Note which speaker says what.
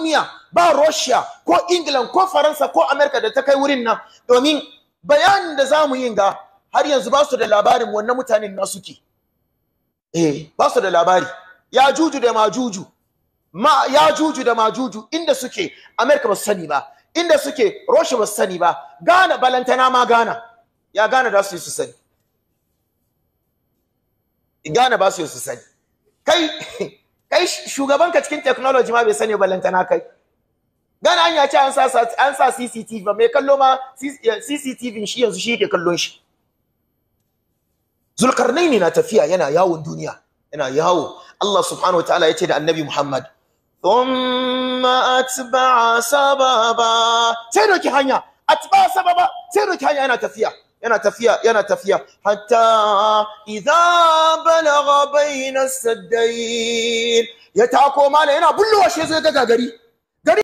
Speaker 1: duniya ba Russia ko England ko Faransa ko America da ta kai wurin nan domin bayanin da zamu yin ga har yanzu ba su da labarin wannan mutanen na suke eh ba su da labari ya juju da ma juju ma ya juju da ma juju inda suke America ba su sani ba inda suke Russia ba su sani ba Ghana balantana ma Ghana ya Ghana da su su sani Ghana ba su su sani kai Shugaban ka cikin technology ma bai sani ballantana kai gana an ya ce an sa an sa CCTV ba mai kallo ma CCTV shi yanzu shi yake kallon shi Zulkarnaini na tafiya yana yawon duniya yana yawo Allah subhanahu wataala ya ce da Annabi Muhammad thumma atba'a sababa sai doki hanya
Speaker 2: atba'a sababa
Speaker 1: sai doki hanya yana tafiya yana tafiya yana tafiya hatta idza balagha
Speaker 3: bayna saddain ya tako mala yana bullowa shi zai ga gari.